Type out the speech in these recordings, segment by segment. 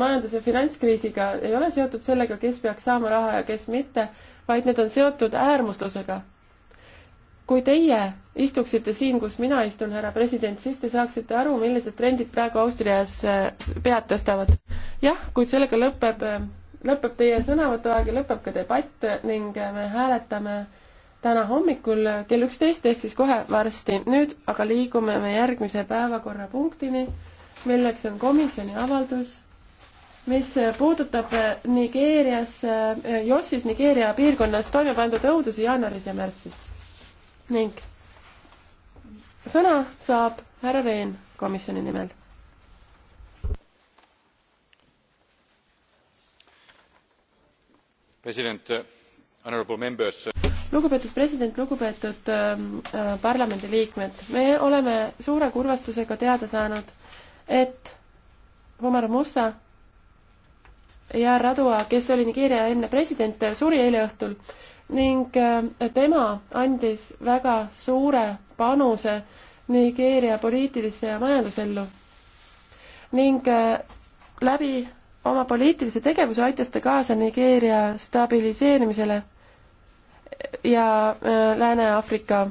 majandus- ja finantskriisiga ei ole seotud sellega, kes peaks saama raha ja kes mitte, vaid need on seotud äärmuslusega. kui teie istuksite siin, kus mina istun, härra president, siis te saaksite aru, millised trendid praegu Austrias äh, pead tõstavad. jah, kuid sellega lõpeb, äh, lõpeb teie sõnavõtuaeg ja lõpeb ka debatt ning äh, me hääletame täna hommikul kell üksteist ehk siis kohe varsti. nüüd aga liigume me järgmise päevakorrapunktini, milleks on komisjoni avaldus mis puudutab äh, Nigeerias, äh, Jossis Nigeeria piirkonnas toime pandud õudusi jaanuaris ja märtsis. ning sõna saab härra Rehn komisjoni nimel. president, äh, honorable members. lugupeetud president, lugupeetud ähm, äh, parlamendiliikmed, me oleme suure kurvastusega teada saanud, et Omar Musa ja Radua, kes oli Nigeeria enne president, suri eile õhtul ning äh, tema andis väga suure panuse Nigeeria poliitilisse ja majandusellu. ning äh, läbi oma poliitilise tegevuse aitas ta kaasa Nigeeria stabiliseerimisele ja äh, Lääne-Aafrika,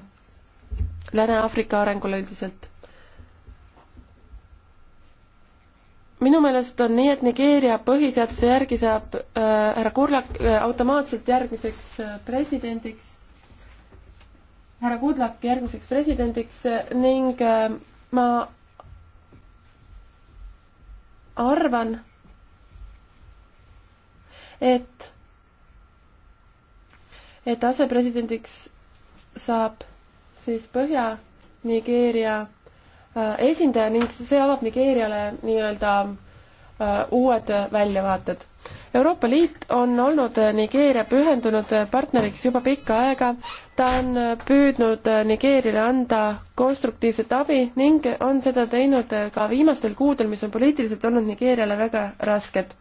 Lääne-Aafrika arengule üldiselt minu meelest on nii, et Nigeeria põhiseaduse järgi saab äh, härra äh, Kurlak äh, automaatselt järgmiseks äh, presidendiks, härra Kudlak järgmiseks presidendiks äh, ning äh, ma arvan, et, et asepresidendiks saab siis Põhja-Nigeeria Äh, esindaja ning see avab Nigeeriale nii-öelda äh, uued väljavaated. Euroopa Liit on olnud äh, Nigeeria pühendunud partneriks juba pikka aega, ta on püüdnud Nigeeriale anda konstruktiivset abi ning on seda teinud ka viimastel kuudel, mis on poliitiliselt olnud Nigeeriale väga rasked.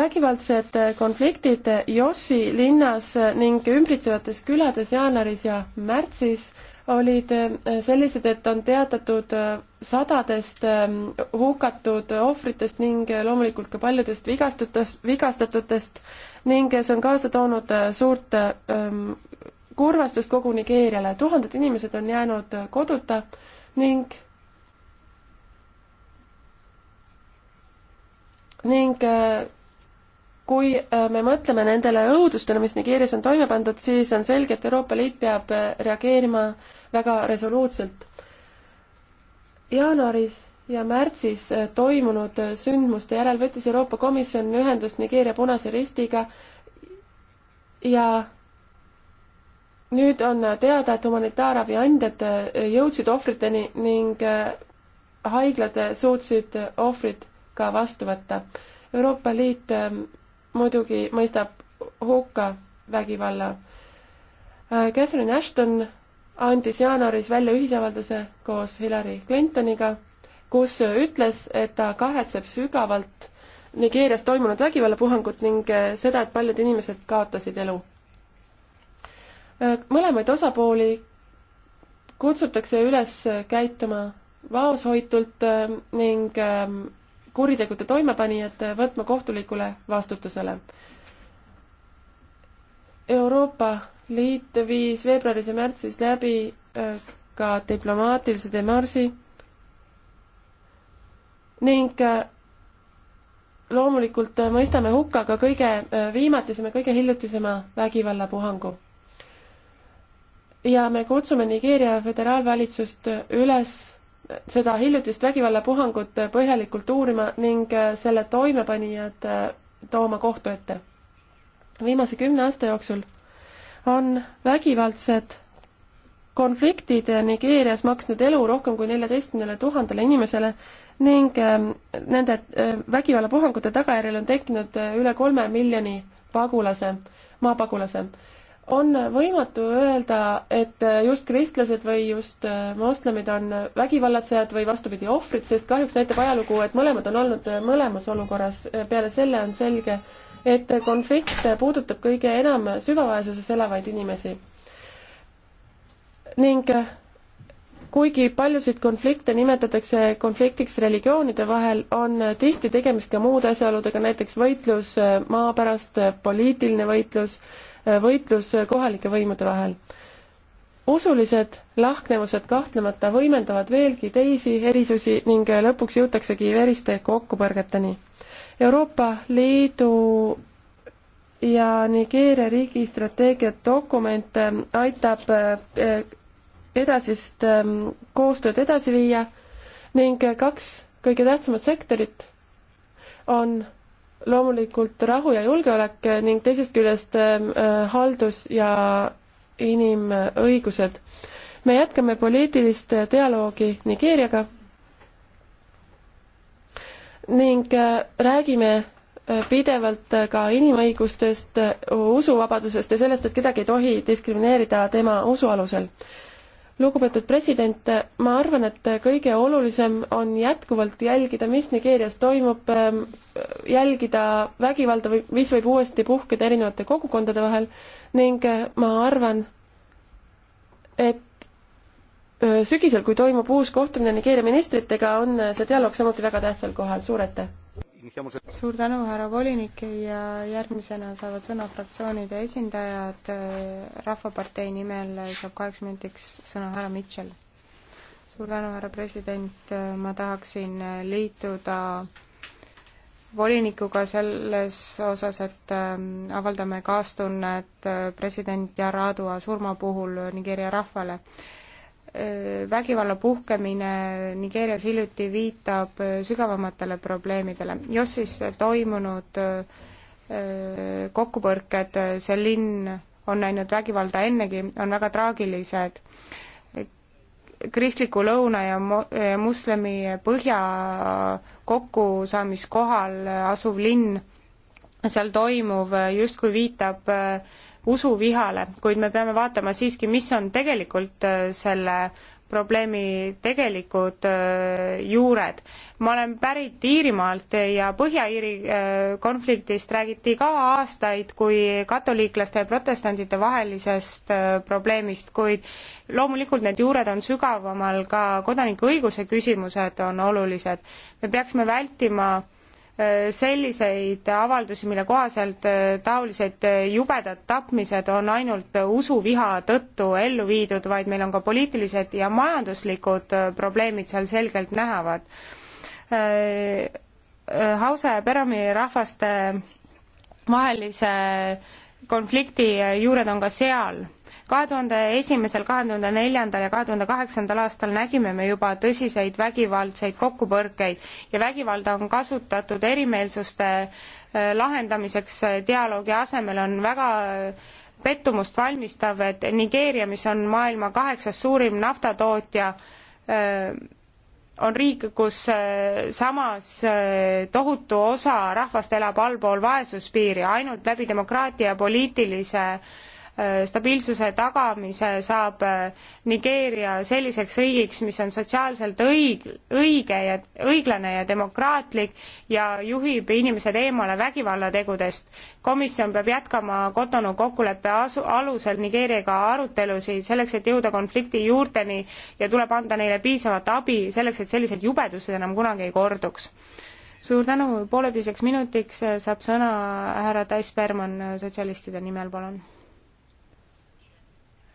vägivaldsed konfliktid Yossi linnas ning ümbritsevates külades jaanuaris ja märtsis olid äh, sellised, et on teatatud äh, sadadest ähm, hukatud ohvritest ning äh, loomulikult ka paljudest vigastutust, vigastatutest ning see on kaasa toonud suurt ähm, kurvastust kogu Nigeeriale. tuhanded inimesed on jäänud koduta ning ning kui äh, me mõtleme nendele õudustele, mis Nigeerias on toime pandud, siis on selge, et Euroopa Liit peab äh, reageerima väga resoluutselt. jaanuaris ja märtsis äh, toimunud sündmuste järel võttis Euroopa Komisjon ühendust Nigeeria Punase Ristiga ja nüüd on teada, et humanitaarabi andjad jõudsid ohvriteni ning haiglad suutsid ohvrid ka vastu võtta. Euroopa Liit ähm, muidugi mõistab hukka vägivalla. Äh, Catherine Ashton andis jaanuaris välja ühisavalduse koos Hillary Clintoniga, kus ütles, et ta kahetseb sügavalt Nigeerias toimunud vägivallapuhangut ning äh, seda, et paljud inimesed kaotasid elu. Äh, mõlemaid osapooli kutsutakse üles käituma vaoshoitult ning ähm, kuritegude toimepanijad võtma kohtulikule vastutusele. Euroopa Liit viis veebruaris ja märtsis läbi äh, ka diplomaatilise demarsi ning äh, loomulikult mõistame hukka ka kõige äh, viimatisema, kõige hiljutisema vägivallapuhangu. ja me kutsume Nigeeria föderaalvalitsust üles seda hiljutist vägivallapuhangut põhjalikult uurima ning äh, selle toimepanijad äh, tooma kohtu ette. viimase kümne aasta jooksul on vägivaldsed konfliktid äh, Nigeerias maksnud elu rohkem kui neljateistkümnele tuhandele inimesele ning ähm, nende vägivallapuhangute tagajärjel on tekkinud üle kolme miljoni pagulase, maapagulase on võimatu öelda, et just kristlased või just äh, moslemid on vägivallatsejad või vastupidi, ohvrid, sest kahjuks näitab ajalugu, et mõlemad on olnud äh, mõlemas olukorras. Äh, peale selle on selge, et konflikt puudutab kõige enam süvavaesuses elavaid inimesi. ning kuigi paljusid konflikte nimetatakse konfliktiks religioonide vahel, on tihti tegemist ka muude asjaoludega, näiteks võitlus maa pärast, poliitiline võitlus võitlus kohalike võimude vahel. usulised lahknevused kahtlemata võimendavad veelgi teisi erisusi ning lõpuks jõutaksegi veriste kokkupõrgeteni. Euroopa Liidu ja Nigeeria riigi strateegiat dokument ähm, aitab äh, edasist ähm, koostööd edasi viia ning kaks kõige tähtsamat sektorit on loomulikult rahu ja julgeolek ning teisest küljest ähm, äh, haldus ja inimõigused. me jätkame poliitilist dialoogi Nigeeriaga ning äh, räägime äh, pidevalt ka inimõigustest, usuvabadusest ja sellest, et kedagi ei tohi diskrimineerida tema usu alusel lugupeetud president, ma arvan, et kõige olulisem on jätkuvalt jälgida, mis Nigeerias toimub, ähm, jälgida vägivalda või mis võib uuesti puhkeda erinevate kogukondade vahel ning äh, ma arvan, et äh, sügisel, kui toimub uus kohtumine Nigeeria ministritega, on äh, see dialoog samuti väga tähtsal kohal, suur aitäh! suur tänu, härra volinik ja järgmisena saavad sõna fraktsioonide esindajad. rahvapartei nimel saab kaheks minutiks sõna härra Mitchell. suur tänu, härra president, ma tahaksin liituda volinikuga selles osas, et ähm, avaldame kaastunnet äh, president Yar'Adua surma puhul Nigeeria rahvale. Äh, vägivalla puhkemine Nigeerias hiljuti viitab äh, sügavamatele probleemidele. Jossis toimunud äh, kokkupõrked, see linn on näinud vägivalda ennegi, on väga traagilised. kristliku lõuna ja moslemi põhja kokkusaamiskohal asuv linn, seal toimuv justkui viitab äh, usuvihale, kuid me peame vaatama siiski, mis on tegelikult äh, selle probleemi tegelikud äh, juured. ma olen pärit Iirimaalt ja Põhja-Iiri äh, konfliktist räägiti ka aastaid kui katoliiklaste ja protestantide vahelisest probleemist, kuid loomulikult need juured on sügavamal, ka kodanikuõiguse küsimused on olulised. me peaksime vältima äh, selliseid avaldusi, mille kohaselt äh, taolised äh, jubedad tapmised on ainult usuviha tõttu ellu viidud, vaid meil on ka poliitilised ja majanduslikud äh, probleemid seal selgelt nähavad. Hausa ja Perami rahvaste vahelise konflikti juured on ka seal kahe tuhande esimesel, kahe tuhande neljandal ja kahe tuhande kaheksandal aastal nägime me juba tõsiseid vägivaldseid kokkupõrkeid ja vägivalda on kasutatud erimeelsuste äh, lahendamiseks äh, dialoogi asemel on väga äh, pettumust valmistav, et Nigeeria, mis on maailma kaheksas suurim naftatootja, on riik, kus samas tohutu osa rahvast elab allpool vaesuspiiri, ainult läbi demokraatia ja poliitilise äh, Äh, stabiilsuse tagamise saab äh, Nigeeria selliseks riigiks, mis on sotsiaalselt õig-, õige ja õiglane ja demokraatlik ja juhib inimesed eemale vägivallategudest. komisjon peab jätkama Cotonou kokkuleppe asu-, alusel Nigeeriaga arutelusid selleks, et jõuda konflikti juurteni ja tuleb anda neile piisavat abi selleks, et sellised jubedused enam kunagi ei korduks suur tänu, pooleteiseks minutiks saab sõna härra Tais Berman sotsialistide nimel, palun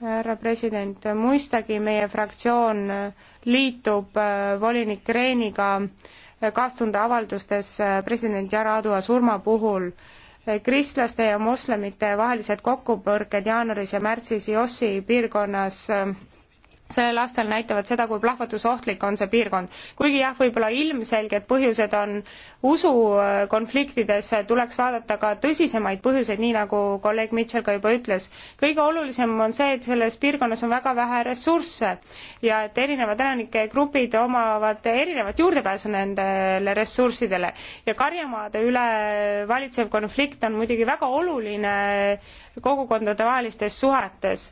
härra president, mõistagi meie fraktsioon äh, liitub äh, volinik Reeniga äh, kaastunde avaldustes president Jara Adua surma puhul. kristlaste ja moslemite vahelised kokkupõrked jaanuaris ja märtsis Jossi piirkonnas sellel aastal näitavad seda, kui plahvatusohtlik on see piirkond. kuigi jah, võib-olla ilmselged põhjused on usukonfliktides, äh, äh, tuleks vaadata ka tõsisemaid põhjuseid, nii nagu kolleeg Mitchell ka juba ütles. kõige olulisem on see, et selles piirkonnas on väga vähe ressursse ja et erinevad elanike grupid omavad erinevat juurdepääsu nendele ressurssidele. ja karjamaade üle valitsev konflikt on muidugi väga oluline kogukondadevahelistes suhetes.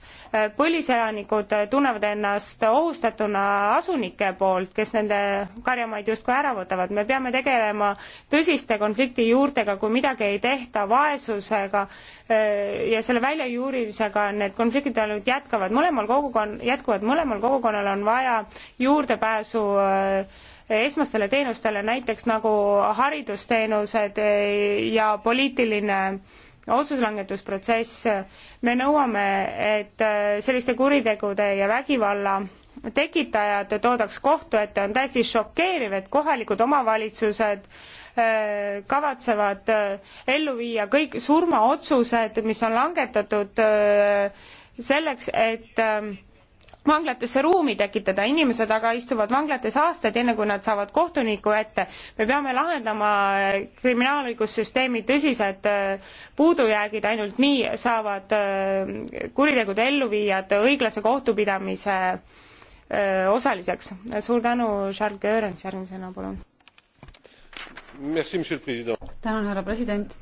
põliselanikud tunnevad ennast ohustatuna asunike poolt, kes nende karjamaid justkui ära võtavad. me peame tegelema tõsiste konflikti juurtega, kui midagi ei tehta, vaesusega eh, ja selle väljajuurimisega, need konfliktid ainult jätkavad. mõlemal kogukonn-, jätkuvad, mõlemal kogukonnal on vaja juurdepääsu eh, esmastele teenustele, näiteks nagu haridusteenused eh, ja poliitiline otsuslangetusprotsess, me nõuame, et äh, selliste kuritegude ja vägivalla tekitajad toodaks kohtu ette, on täiesti šokeeriv, et kohalikud omavalitsused äh, kavatsevad äh, ellu viia kõik surmaotsused, mis on langetatud selleks, et vanglatesse ruumi tekitada, inimesed aga istuvad vanglates aastaid, enne kui nad saavad kohtuniku ette. me peame lahendama äh, kriminaalõigussüsteemi tõsised äh, puudujäägid, ainult nii saavad äh, kuritegude elluviijad õiglase kohtupidamise osaliseks. suur tänu, Charles Goerens, järgmisena palun. tänan, härra president.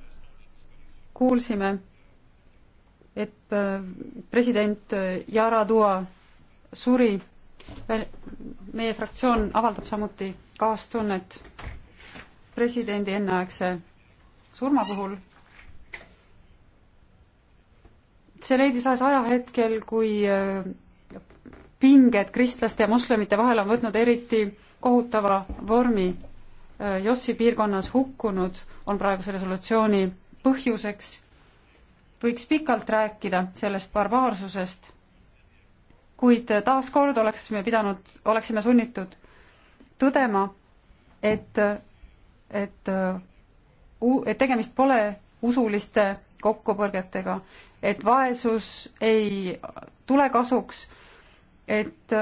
kuulsime, et president Yara Dua suri. meie fraktsioon avaldab samuti kaastunnet presidendi enneaegse surma puhul. see leidis ajas ajahetkel, kui äh, pinged kristlaste ja moslemite vahel on võtnud eriti kohutava vormi. Äh, Jossi piirkonnas hukkunud on praeguse resolutsiooni põhjuseks. võiks pikalt rääkida sellest barbaarsusest kuid taaskord oleksime pidanud, oleksime sunnitud tõdema, et, et, et tegemist pole usuliste kokkupõrgetega, et vaesus ei tule kasuks, et,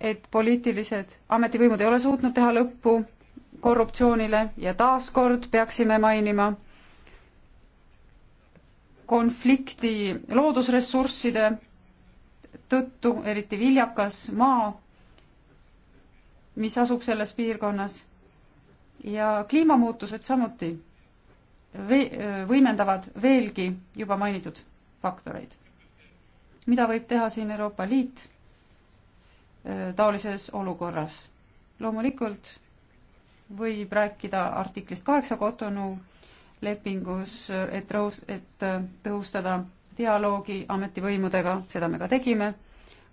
et poliitilised ametivõimud ei ole suutnud teha lõppu korruptsioonile ja taaskord peaksime mainima konflikti loodusressursside tõttu eriti viljakas maa, mis asub selles piirkonnas ja kliimamuutused samuti vee-, võimendavad veelgi juba mainitud faktoreid. mida võib teha siin Euroopa Liit äh, taolises olukorras? loomulikult võib rääkida artiklist kaheksa Cotonou lepingus, et rõhus, et äh, tõhustada dialoogi ametivõimudega, seda me ka tegime,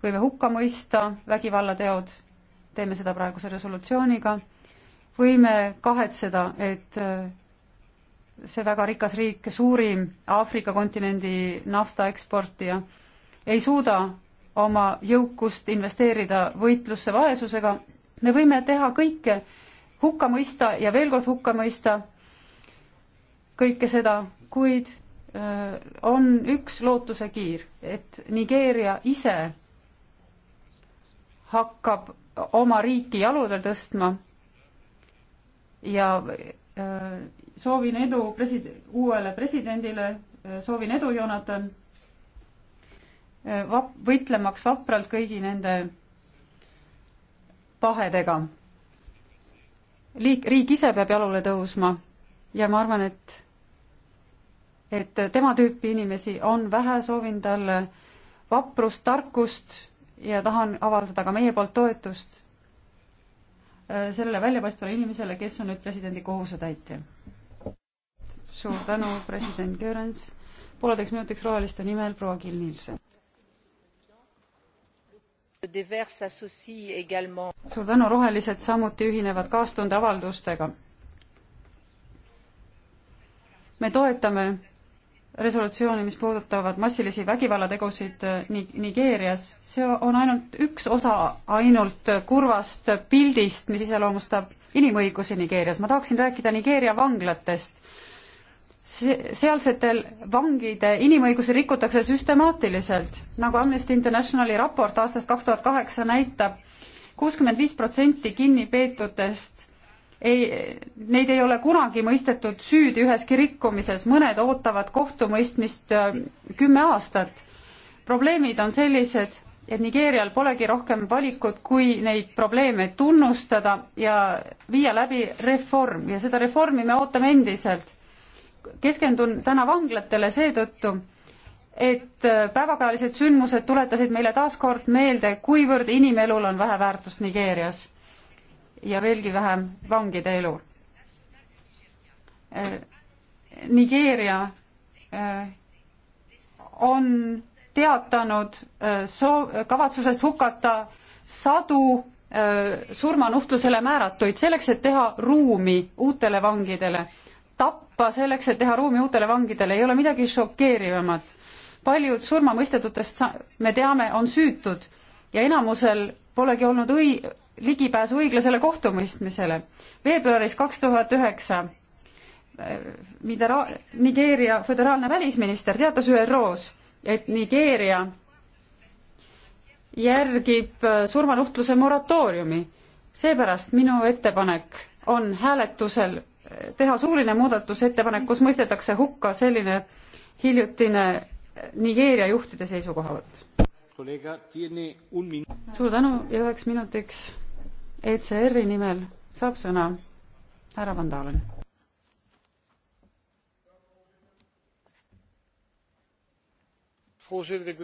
võime hukka mõista vägivallateod, teeme seda praeguse resolutsiooniga, võime kahetseda, et äh, see väga rikas riik, suurim Aafrika kontinendi naftaeksportija, ei suuda oma jõukust investeerida võitlusse vaesusega, me võime teha kõike, hukka mõista ja veel kord hukka mõista kõike seda, kuid on üks lootusekiir, et Nigeeria ise hakkab oma riiki jalule tõstma ja soovin edu presid-, uuele presidendile, soovin edu, Jonathan, vap-, võitlemaks vapralt kõigi nende pahedega. liik, riik ise peab jalule tõusma ja ma arvan, et et tema tüüpi inimesi on vähe, soovin talle vaprust, tarkust ja tahan avaldada ka meie poolt toetust äh, sellele väljapaistvale inimesele, kes on nüüd presidendi kohusetäitja. suur tänu, president Görens. pooleteist minutiks roheliste nimel proua Kill Nielsen. suur tänu, rohelised samuti ühinevad kaastundeavaldustega me toetame resolutsiooni, mis puudutavad massilisi vägivallategusid eh, Ni-, Nigeerias, see on ainult üks osa ainult kurvast pildist, mis iseloomustab inimõigusi Nigeerias. ma tahaksin rääkida Nigeeria vanglatest. Se-, sealsetel vangide inimõigusi rikutakse süstemaatiliselt, nagu Amnesty Internationali raport aastast kaks tuhat kaheksa näitab, kuuskümmend viis protsenti kinnipeetutest ei, neid ei ole kunagi mõistetud süüdi üheski rikkumises, mõned ootavad kohtumõistmist äh, kümme aastat. probleemid on sellised, et Nigeerial polegi rohkem valikut, kui neid probleeme tunnustada ja viia läbi reform ja seda reformi me ootame endiselt. keskendun täna vanglatele seetõttu, et äh, päevakajalised sündmused tuletasid meile taas kord meelde, kuivõrd inimelul on vähe väärtust Nigeerias ja veelgi vähem vangide elu. Äh, Nigeeria äh, on teatanud äh, soov, kavatsusest hukata sadu surmanuhtlusele määratuid selleks, et teha ruumi uutele vangidele. tappa selleks, et teha ruumi uutele vangidele, ei ole midagi šokeerivamat. paljud surmamõistetutest me teame, on süütud ja enamusel polegi olnud õi-, ligipääsu õiglasele kohtumõistmisele. veebruaris kaks tuhat üheksa äh, Midera-, Nigeeria föderaalne välisminister teatas ÜRO-s, et Nigeeria järgib äh, surmanuhtluse moratooriumi. seepärast minu ettepanek on hääletusel äh, teha suuline muudatusettepanek, kus mõistetakse hukka selline hiljutine Nigeeria juhtide seisukohavõtt. suur tänu ja üheks minutiks ECR-i nimel saab sõna härra Van Dalen. Eh,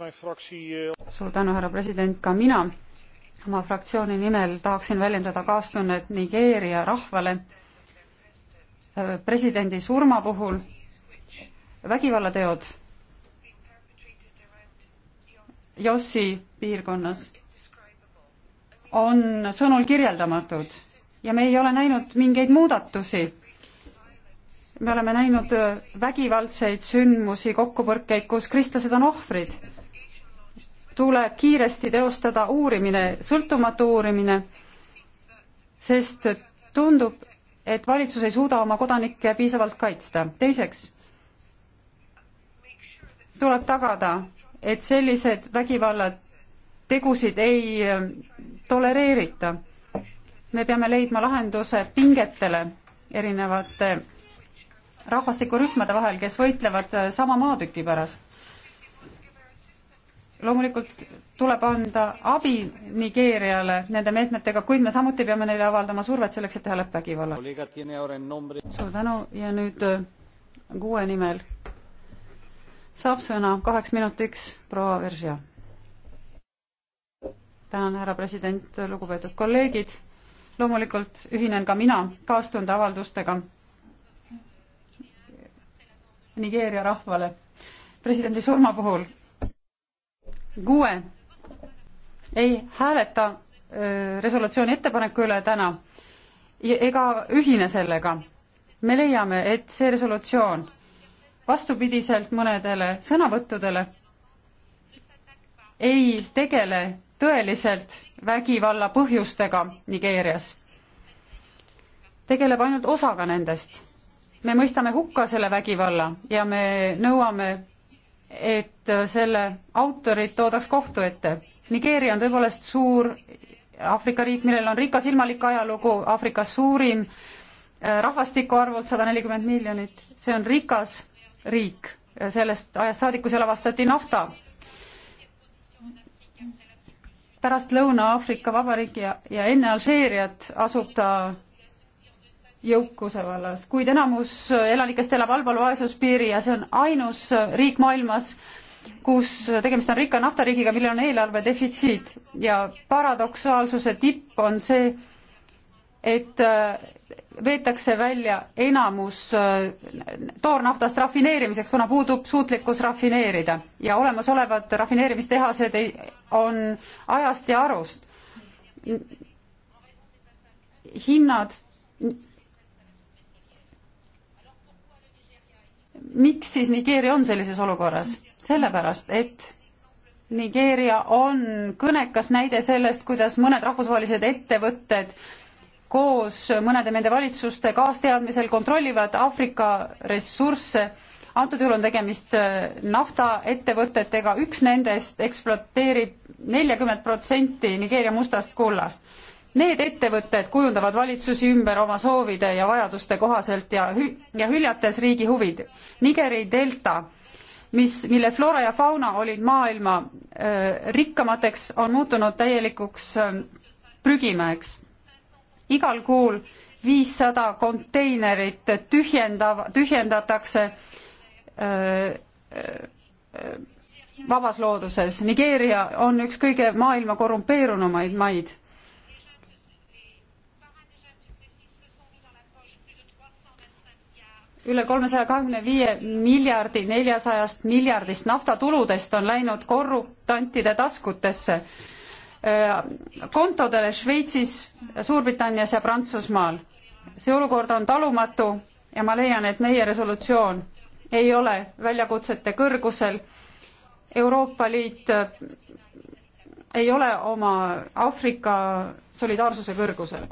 eh, suur tänu, härra president, ka mina oma fraktsiooni nimel tahaksin väljendada kaastunnet Nigeeria rahvale eh, presidendi surma puhul vägivallateod Jossi piirkonnas on sõnul kirjeldamatud ja me ei ole näinud mingeid muudatusi. me oleme näinud vägivaldseid sündmusi, kokkupõrkeid, kus kristlased on ohvrid. tuleb kiiresti teostada uurimine, sõltumatu uurimine, sest tundub, et valitsus ei suuda oma kodanikke piisavalt kaitsta. teiseks tuleb tagada, et sellised vägivallad tegusid ei äh, tolereerita. me peame leidma lahenduse pingetele erinevate rahvastikurühmade vahel, kes võitlevad äh, sama maatüki pärast. loomulikult tuleb anda abi Nigeeriale nende meetmetega, kuid me samuti peame neile avaldama survet selleks, et teha lõpp vägivallale. suur tänu ja nüüd kuue äh, nimel saab sõna kaheks minutiks proua Veržia tänan, härra president, lugupeetud kolleegid. loomulikult ühinen ka mina kaastunde avaldustega Nigeeria rahvale presidendi surma puhul. kuue ei hääleta resolutsiooni ettepaneku üle täna ega ühine sellega. me leiame, et see resolutsioon vastupidiselt mõnedele sõnavõttudele ei tegele tõeliselt vägivalla põhjustega Nigeerias. tegeleb ainult osaga nendest. me mõistame hukka selle vägivalla ja me nõuame, et selle autorid toodaks kohtu ette. Nigeeria on tõepoolest suur Aafrika riik, millel on rikas ilmalik ajalugu, Aafrika suurim äh, rahvastiku arvult sada nelikümmend miljonit, see on rikas riik, sellest ajast saadik, kui seal avastati nafta pärast Lõuna-Aafrika Vabariiki ja, ja enne Alžeeriat asub ta jõukuse vallas, kuid enamus elanikest elab allpool vaesuspiiri ja see on ainus riik maailmas, kus tegemist on rikka naftariigiga, millel on eelarve defitsiit ja paradoksaalsuse tipp on see, et veetakse välja enamus äh, toornaftast rafineerimiseks, kuna puudub suutlikkus rafineerida ja olemasolevad rafineerimistehased ei, on ajast ja arust. hinnad. miks siis Nigeeria on sellises olukorras? sellepärast, et Nigeeria on kõnekas näide sellest, kuidas mõned rahvusvahelised ettevõtted koos mõnede nende valitsuste kaasteadmisel kontrollivad Aafrika ressursse, antud juhul on tegemist äh, naftaettevõtetega, üks nendest ekspluateerib neljakümmet protsenti Nigeeria mustast kullast. Need ettevõtted kujundavad valitsusi ümber oma soovide ja vajaduste kohaselt ja hü-, ja hüljates riigi huvid. Nigeri delta, mis, mille floora ja fauna olid maailma öö, äh, rikkamateks, on muutunud täielikuks öö, äh, prügimäeks igal kuul viissada konteinerit tühjendav, tühjendatakse öö, öö, vabas looduses. Nigeeria on üks kõige maailma korrumpeerunumaid maid. üle kolmesaja kahekümne viie miljardi neljasajast miljardist naftatuludest on läinud korruptantide taskutesse Äh, kontodele Šveitsis, Suurbritannias ja Prantsusmaal. see olukord on talumatu ja ma leian, et meie resolutsioon ei ole väljakutsete kõrgusel. Euroopa Liit äh, ei ole oma Aafrika solidaarsuse kõrgusel.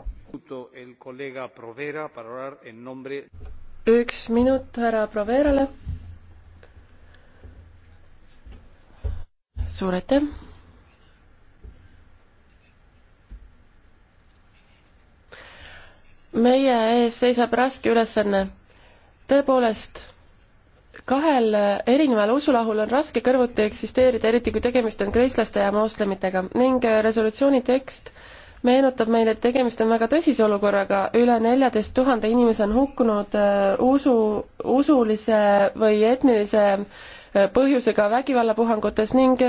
üks minut härra Proverale. suur aitäh meie ees seisab raske ülesanne. tõepoolest, kahel erineval usulahul on raske kõrvuti eksisteerida, eriti kui tegemist on kristlaste ja moslemitega ning äh, resolutsiooni tekst meenutab meile, et tegemist on väga tõsise olukorraga, üle neljateist tuhande inimese on hukkunud äh, usu, usulise või etnilise äh, põhjusega vägivallapuhangutes ning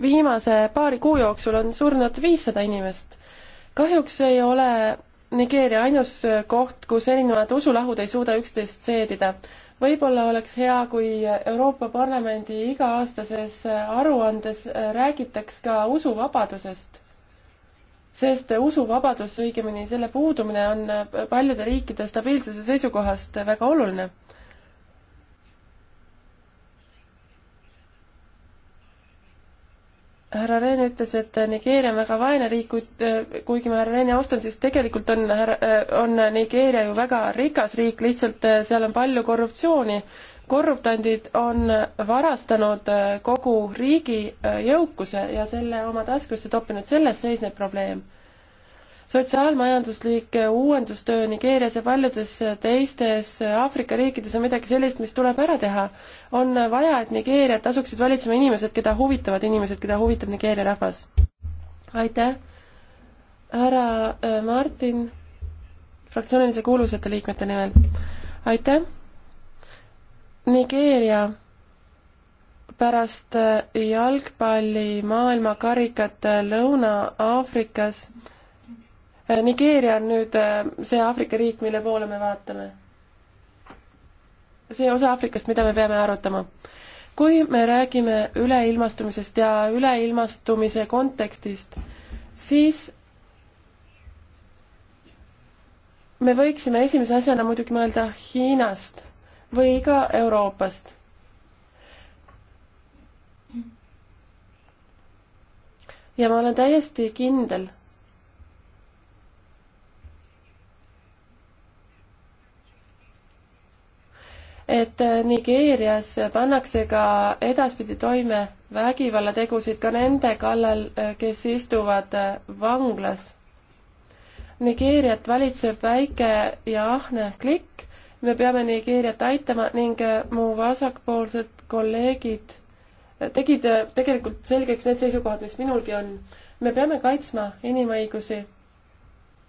viimase paari kuu jooksul on surnud viissada inimest. kahjuks ei ole Nigeeria ainus äh, koht, kus erinevad usulahud ei suuda üksteist seedida. võib-olla oleks hea, kui Euroopa Parlamendi iga-aastases äh, aruandes äh, räägitaks ka usuvabadusest, sest usuvabadus, õigemini selle puudumine on paljude riikide stabiilsuse seisukohast väga oluline härra Rehn ütles, et äh, Nigeeria on väga vaene riik, kuid äh, kuigi ma härra Rehni austan, siis tegelikult on härra, äh, on Nigeeria ju väga rikas riik, lihtsalt seal on palju korruptsiooni. korruptandid on varastanud kogu riigi jõukuse ja selle oma taskusse toppinud, selles seisneb probleem sotsiaalmajanduslik uuendustöö Nigeerias ja paljudes teistes Aafrika riikides on midagi sellist, mis tuleb ära teha. on vaja, et Nigeeriat asuksid valitsema inimesed, keda huvitavad inimesed, keda huvitab Nigeeria rahvas. aitäh, härra äh, Martin, fraktsioonilise kuulusate liikmete nimel. aitäh, Nigeeria pärast äh, jalgpalli maailmakarikate Lõuna-Aafrikas Äh, Nigeeria on nüüd äh, see Aafrika riik, mille poole me vaatame. see osa Aafrikast, mida me peame arutama. kui me räägime üleilmastumisest ja üleilmastumise kontekstist, siis me võiksime esimese asjana muidugi mõelda Hiinast või ka Euroopast. ja ma olen täiesti kindel, et äh, Nigeerias pannakse ka edaspidi toime vägivallategusid ka nende kallal, äh, kes istuvad äh, vanglas. Nigeeriat valitseb väike ja ahne klikk, me peame Nigeeriat aitama ning mu vasakpoolsed kolleegid tegid tegelikult selgeks need seisukohad, mis minulgi on. me peame kaitsma inimõigusi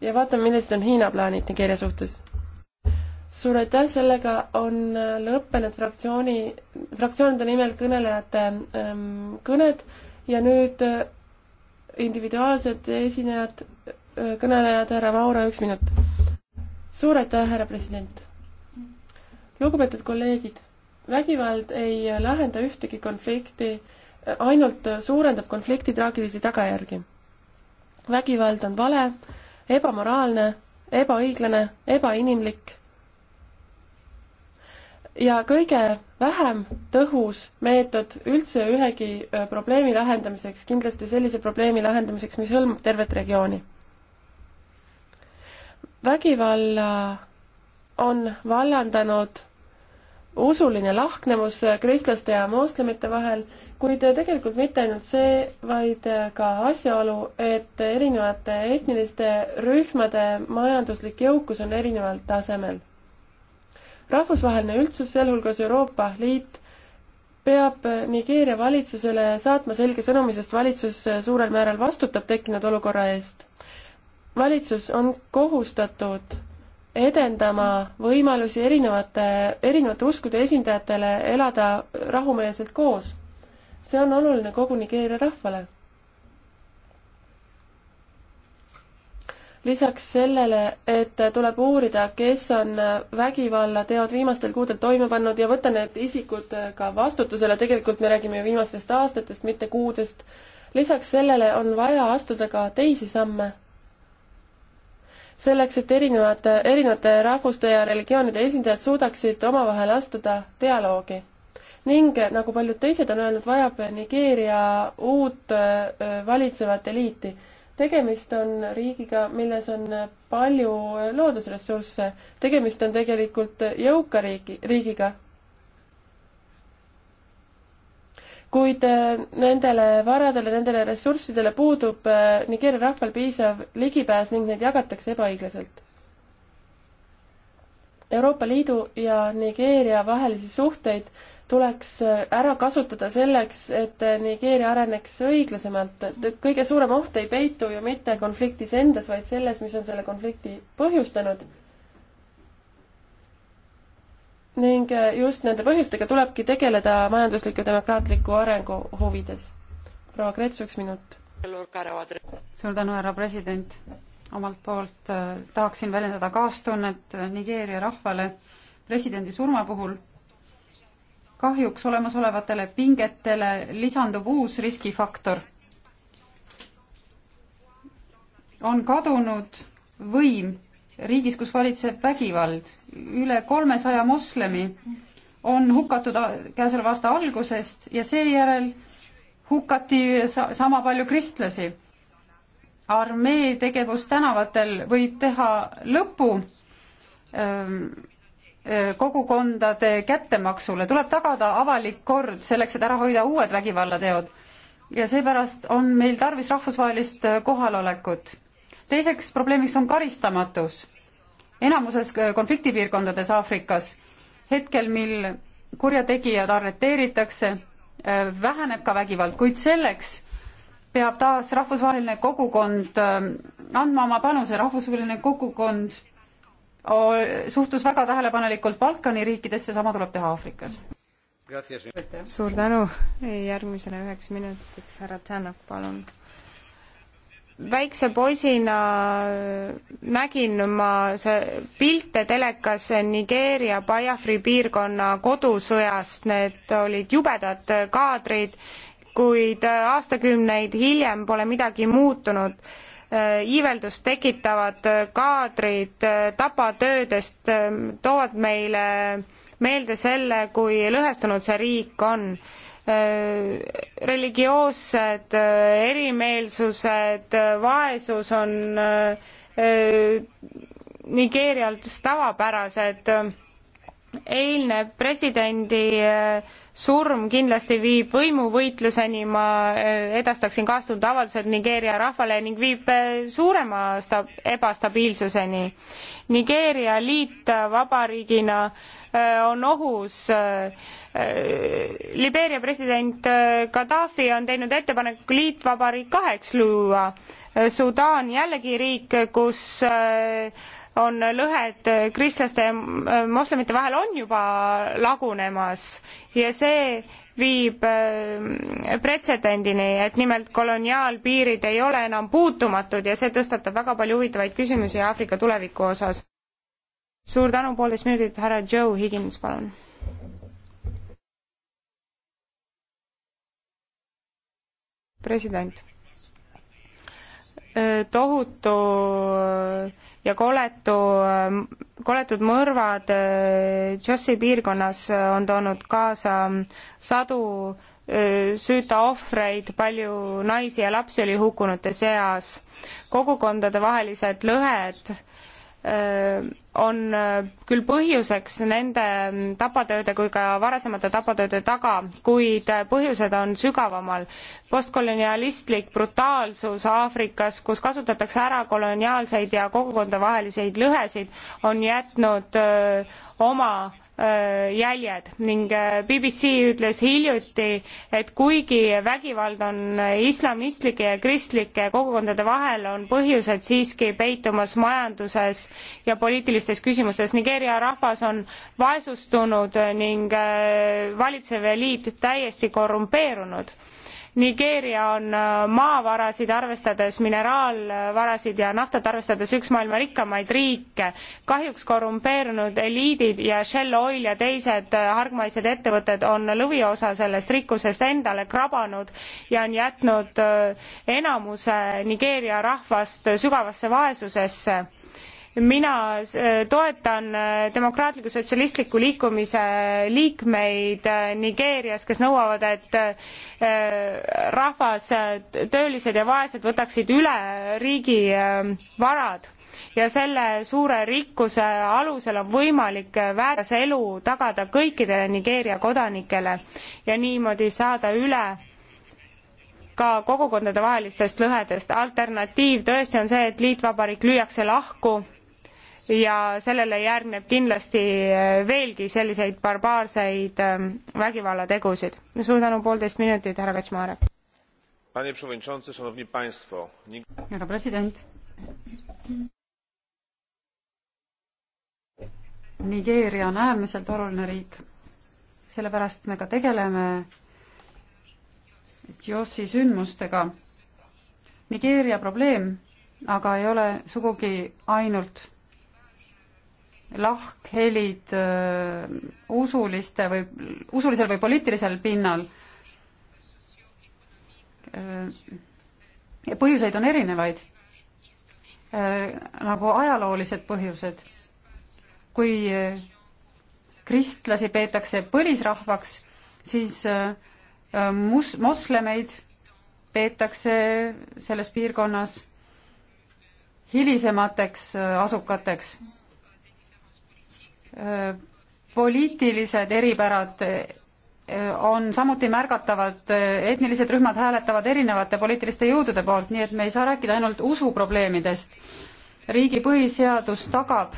ja vaatame, millised on Hiina plaanid Nigeeria suhtes suur aitäh, sellega on äh, lõppenud fraktsiooni, fraktsioonide nimel kõnelejate ähm, kõned ja nüüd äh, individuaalsed esinejad, äh, kõnelejad, härra Maura, üks minut. suur aitäh, härra president. lugupeetud kolleegid, vägivald ei lahenda ühtegi konflikti, ainult suurendab konflikti traagilisi tagajärgi. vägivald on vale, ebamoraalne, ebaõiglane, ebainimlik ja kõige vähem tõhus meetod üldse ühegi äh, probleemi lahendamiseks, kindlasti sellise probleemi lahendamiseks, mis hõlmab tervet regiooni. vägivalla on vallandanud usuline lahknevus äh, kristlaste ja moslemite vahel, kuid äh, tegelikult mitte ainult see, vaid ka asjaolu, et erinevate etniliste rühmade majanduslik jõukus on erineval tasemel rahvusvaheline üldsus, sealhulgas Euroopa Liit, peab Nigeeria valitsusele saatma selge sõnumi, sest valitsus suurel määral vastutab tekkinud olukorra eest. valitsus on kohustatud edendama võimalusi erinevate, erinevate uskude esindajatele elada rahumeelselt koos. see on oluline kogu Nigeeria rahvale lisaks sellele, et tuleb uurida, kes on vägivallateod viimastel kuudel toime pannud ja võtta need isikud ka vastutusele, tegelikult me räägime ju viimastest aastatest, mitte kuudest. lisaks sellele on vaja astuda ka teisi samme. selleks, et erinevad, erinevate rahvuste ja religioonide esindajad suudaksid omavahel astuda dialoogi ning nagu paljud teised on öelnud, vajab Nigeeria uut äh, valitsevat eliiti tegemist on riigiga, milles on palju loodusressursse, tegemist on tegelikult jõuka riigi, riigiga. kuid äh, nendele varadele, nendele ressurssidele puudub äh, Nigeeria rahval piisav ligipääs ning neid jagatakse ebaõiglaselt. Euroopa Liidu ja Nigeeria vahelisi suhteid tuleks äh, ära kasutada selleks, et äh, Nigeeria areneks õiglasemalt. kõige suurem oht ei peitu ju mitte konfliktis endas, vaid selles, mis on selle konflikti põhjustanud. ning äh, just nende põhjustega tulebki tegeleda majandusliku demokraatliku arengu huvides. proua Krets, üks minut. suur tänu, härra president omalt poolt äh, tahaksin väljendada kaastunnet äh, Nigeeria rahvale presidendi surma puhul. kahjuks olemasolevatele pingetele lisandub uus riskifaktor. on kadunud võim riigis, kus valitseb vägivald. üle kolmesaja moslemi on hukatud käesoleva aasta algusest ja seejärel hukati sa sama palju kristlasi armee tegevus tänavatel võib teha lõpu ähm, äh, kogukondade kättemaksule, tuleb tagada avalik kord selleks, et ära hoida uued vägivallateod. ja seepärast on meil tarvis rahvusvahelist äh, kohalolekut. teiseks probleemiks on karistamatus. enamuses äh, konfliktipiirkondades Aafrikas hetkel, mil kurjategijad arreteeritakse, väheneb ka vägivald, kuid selleks, peab taas rahvusvaheline kogukond ähm, andma oma panuse, rahvusvaheline kogukond äh, suhtus väga tähelepanelikult Balkani riikidesse, sama tuleb teha Aafrikas. suur tänu, järgmisele üheks minutiks härra Tänak, palun väikse poisina nägin ma see pilte telekas Nigeeria Bajafri piirkonna kodusõjast, need olid jubedad kaadrid kuid äh, aastakümneid hiljem pole midagi muutunud. Äh, iiveldust tekitavad äh, kaadrid tapatöödest ähm, toovad meile meelde selle, kui lõhestunud see riik on religioossed erimeelsused, vaesus on Nigeerialt tavapärased. eilne presidendi surm kindlasti viib võimuvõitluseni, ma eh, edastaksin kaastunud avaldused Nigeeria rahvale ning viib eh, suurema sta-, ebastabiilsuseni. Nigeeria liitvabariigina eh, on ohus. Libeeria president Gaddafi on teinud ettepaneku liitvabariik kaheks luua. Sudaan jällegi riik, kus on lõhed kristlaste ja moslemite vahel on juba lagunemas ja see viib äh, pretsedendini, et nimelt koloniaalpiirid ei ole enam puutumatud ja see tõstatab väga palju huvitavaid küsimusi Aafrika tuleviku osas. suur tänu, poolteist minutit, härra Joe Higins, palun. president. Äh, tohutu ja koletu, koletud mõrvad äh, Jossi piirkonnas äh, on toonud kaasa ähm, sadu äh, süüta ohvreid, palju naisi ja lapsi oli hukkunute seas. kogukondade vahelised lõhed Äh, on äh, küll põhjuseks nende tapatööde kui ka varasemate tapatööde taga, kuid äh, põhjused on sügavamal. postkolonialistlik brutaalsus Aafrikas, kus kasutatakse ära koloniaalseid ja kogukondavahelisi lõhesid, on jätnud oma Äh, jäljed ning äh, BBC ütles hiljuti, et kuigi vägivald on islamistlike ja kristlike kogukondade vahel, on põhjused siiski peitumas majanduses ja poliitilistes küsimustes. Nigeeria rahvas on vaesustunud ning äh, valitsev eliit täiesti korrumpeerunud Nigeeria on äh, maavarasid arvestades, mineraalvarasid ja naftat arvestades üks maailma rikkamaid riike. kahjuks korrumpeerunud eliidid ja Shell Oil ja teised äh, hargmaised ettevõtted on lõviosa sellest rikkusest endale krabanud ja on jätnud äh, enamuse Nigeeria rahvast sügavasse vaesusesse mina äh, toetan äh, demokraatliku sotsialistliku liikumise liikmeid äh, Nigeerias, kes nõuavad, et rahvas, töölised ja vaesed võtaksid üle riigi varad ja selle suure rikkuse alusel on võimalik väärtuse elu tagada kõikidele Nigeeria kodanikele ja niimoodi saada üle ka kogukondadevahelistest lõhedest. alternatiiv tõesti on see, et liitvabariik lüüakse lahku ja sellele järgneb kindlasti eh, veelgi selliseid barbaarseid eh, vägivallategusid. suur tänu, poolteist minutit, härra Kaczmarek. härra president. Nigeeria on äärmiselt oluline riik, sellepärast me ka tegeleme Jossi sündmustega. Nigeeria probleem aga ei ole sugugi ainult lahkhelid äh, usuliste või, usulisel või poliitilisel pinnal. Äh, põhjuseid on erinevaid, äh, nagu ajaloolised põhjused. kui kristlasi peetakse põlisrahvaks, siis mus-, moslemeid peetakse selles piirkonnas hilisemateks asukateks poliitilised eripärad eh, on samuti märgatavad, eh, etnilised rühmad hääletavad erinevate poliitiliste jõudude poolt, nii et me ei saa rääkida ainult usuprobleemidest. riigi põhiseadus tagab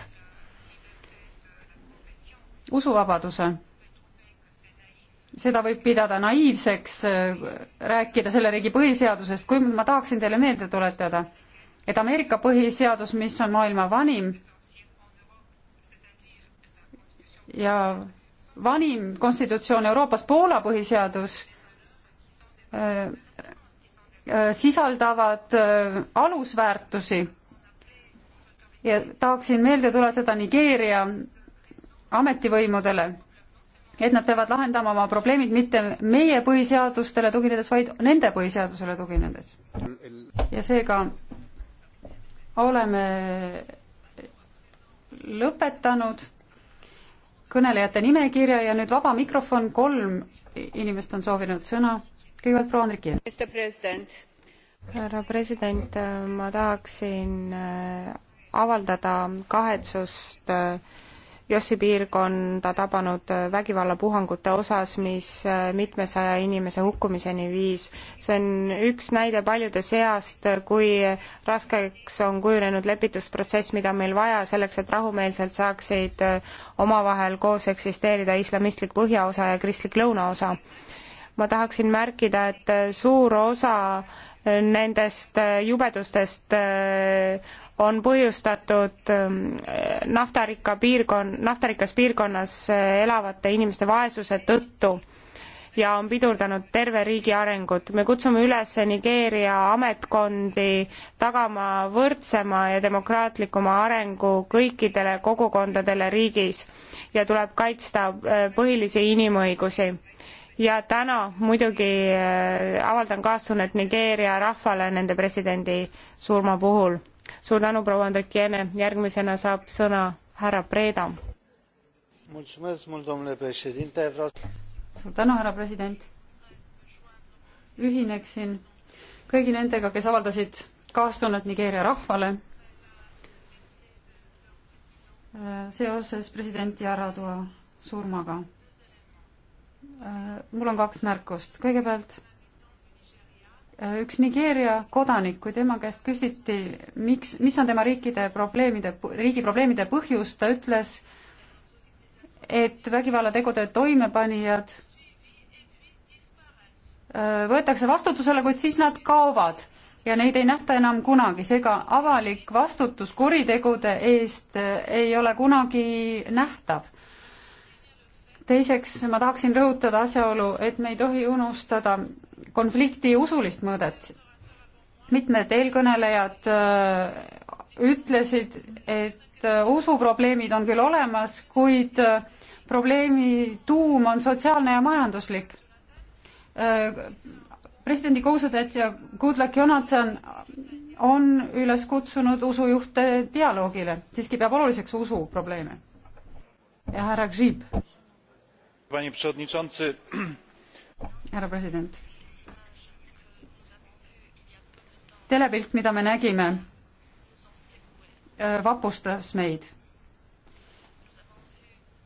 usuvabaduse. seda võib pidada naiivseks, eh, rääkida selle riigi põhiseadusest, kui ma tahaksin teile meelde tuletada, et Ameerika põhiseadus, mis on maailma vanim, ja vanim konstitutsioon Euroopas, Poola põhiseadus, äh, äh, sisaldavad äh, alusväärtusi ja tahaksin meelde tuletada Nigeeria ametivõimudele, et nad peavad lahendama oma probleemid mitte meie põhiseadustele tuginedes, vaid nende põhiseadusele tuginedes. ja seega oleme lõpetanud kõnelejate nimekirja ja nüüd vaba mikrofon, kolm inimest on soovinud sõna. kõigepealt proua Andrikien. härra president, ma tahaksin äh, avaldada kahetsust äh, Jossi piirkonda tabanud äh, vägivallapuhangute osas, mis äh, mitmesaja inimese hukkumiseni viis. see on üks näide paljude seast, äh, kui raskeks on kujunenud lepitusprotsess, mida meil vaja selleks, et rahumeelselt saaksid omavahel koos eksisteerida islamistlik põhjaosa ja kristlik lõunaosa. ma tahaksin märkida, et suur osa nendest jubedustest on põhjustatud ähm, naftarikka piirkon-, naftarikas piirkonnas äh, elavate inimeste vaesuse tõttu ja on pidurdanud terve riigi arengut. me kutsume üles Nigeeria ametkondi tagama võrdsema ja demokraatlikuma arengu kõikidele kogukondadele riigis ja tuleb kaitsta äh, põhilisi inimõigusi ja täna muidugi äh, avaldan kaastunnet Nigeeria rahvale nende presidendi surma puhul suur tänu, proua Andrek Jene, järgmisena saab sõna härra Preda. suur tänu, härra president. ühineksin kõigi nendega, kes avaldasid kaastunnet Nigeeria rahvale äh, seoses president Yaradua surmaga. Äh, mul on kaks märkust, kõigepealt üks Nigeeria kodanik, kui tema käest küsiti, miks, mis on tema riikide probleemide, riigi probleemide põhjus, ta ütles, et vägivallategude toimepanijad äh, võetakse vastutusele, kuid siis nad kaovad ja neid ei nähta enam kunagi, seega avalik vastutus kuritegude eest äh, ei ole kunagi nähtav. teiseks ma tahaksin rõhutada asjaolu, et me ei tohi unustada konflikti usulist mõõdet. mitmed eelkõnelejad äh, ütlesid, et äh, usuprobleemid on küll olemas, kuid äh, probleemi tuum on sotsiaalne ja majanduslik. presidendi kohusetäitja Goodluck Jonathan on üles kutsunud usujuhte dialoogile, siiski peab oluliseks usuprobleeme. ja härra Grzyb. härra president telepilt, mida me nägime, äh, vapustas meid.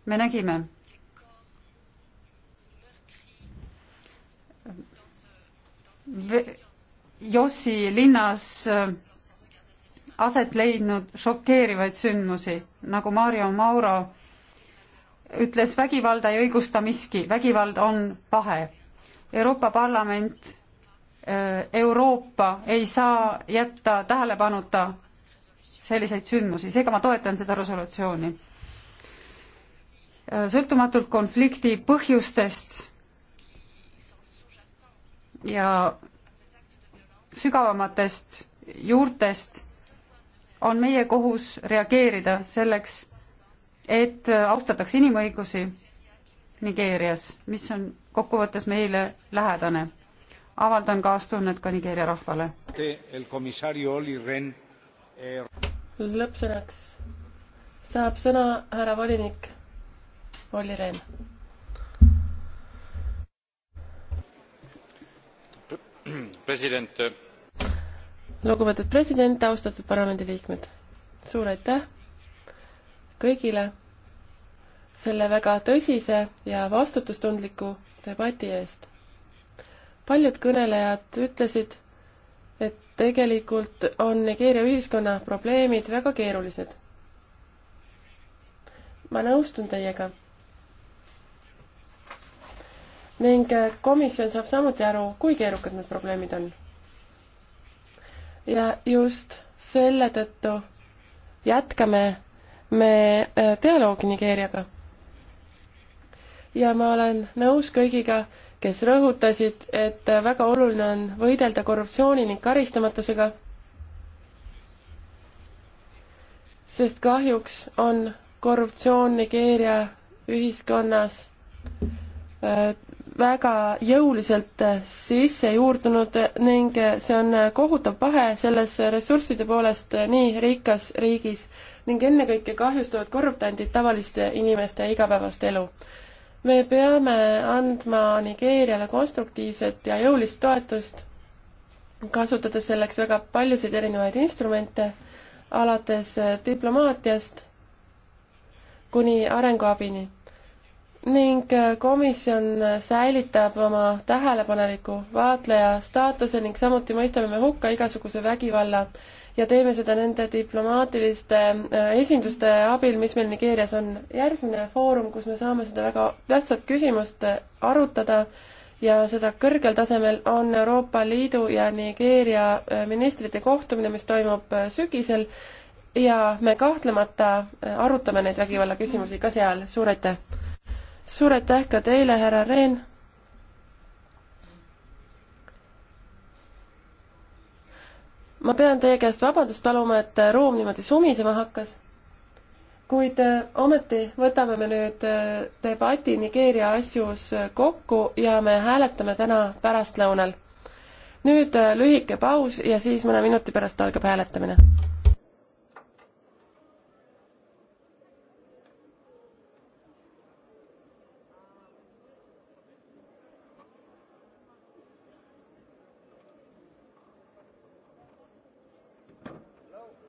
me nägime äh, Jossi linnas äh, aset leidnud šokeerivaid sündmusi, nagu Mario Mauro ütles, vägivalda ei õigusta miski, vägivald on pahe. Euroopa Parlament Äh, Euroopa ei saa jätta tähelepanuta selliseid sündmusi, seega ma toetan seda resolutsiooni. Äh, sõltumatult konflikti põhjustest ja sügavamatest juurtest on meie kohus reageerida selleks, et austataks inimõigusi Nigeerias, mis on kokkuvõttes meile lähedane avaldan kaastunnet ka Nigeeria rahvale. Eh, lõppsõnaks saab sõna härra volinik Olli Rehn. president. Eh. lugupeetud president, austatud parlamendiliikmed, suur aitäh kõigile selle väga tõsise ja vastutustundliku debati eest paljud kõnelejad ütlesid, et tegelikult on Nigeeria ühiskonna probleemid väga keerulised. ma nõustun teiega. ning komisjon saab samuti aru, kui keerukad need probleemid on. ja just selle tõttu jätkame me äh, dialoogi Nigeeriaga. ja ma olen nõus kõigiga, kes rõhutasid, et väga oluline on võidelda korruptsiooni ning karistamatusega, sest kahjuks on korruptsioon Nigeeria ühiskonnas äh, väga jõuliselt äh, sisse juurdunud ning äh, see on kohutav pahe selles ressursside poolest nii rikas riigis ning ennekõike kahjustavad korruptandid tavaliste inimeste igapäevast elu me peame andma Nigeeriale konstruktiivset ja jõulist toetust, kasutades selleks väga paljusid erinevaid instrumente, alates äh, diplomaatiast kuni arenguabini ning äh, komisjon äh, säilitab oma tähelepaneliku vaatleja staatuse ning samuti mõistame me hukka igasuguse vägivalla ja teeme seda nende diplomaatiliste äh, esinduste abil, mis meil Nigeerias on. järgmine foorum, kus me saame seda väga tähtsat küsimust äh, arutada ja seda kõrgel tasemel, on Euroopa Liidu ja Nigeeria äh, ministrite kohtumine, mis toimub sügisel ja me kahtlemata arutame neid vägivallaküsimusi ka seal. suur aitäh! suur aitäh ka teile, härra Rehn! ma pean teie käest vabandust paluma, et ruum niimoodi sumisema hakkas, kuid äh, ometi võtame me nüüd äh, debati Nigeeria asjus äh, kokku ja me hääletame täna pärastlõunal. nüüd lühike paus ja siis mõne minuti pärast algab hääletamine.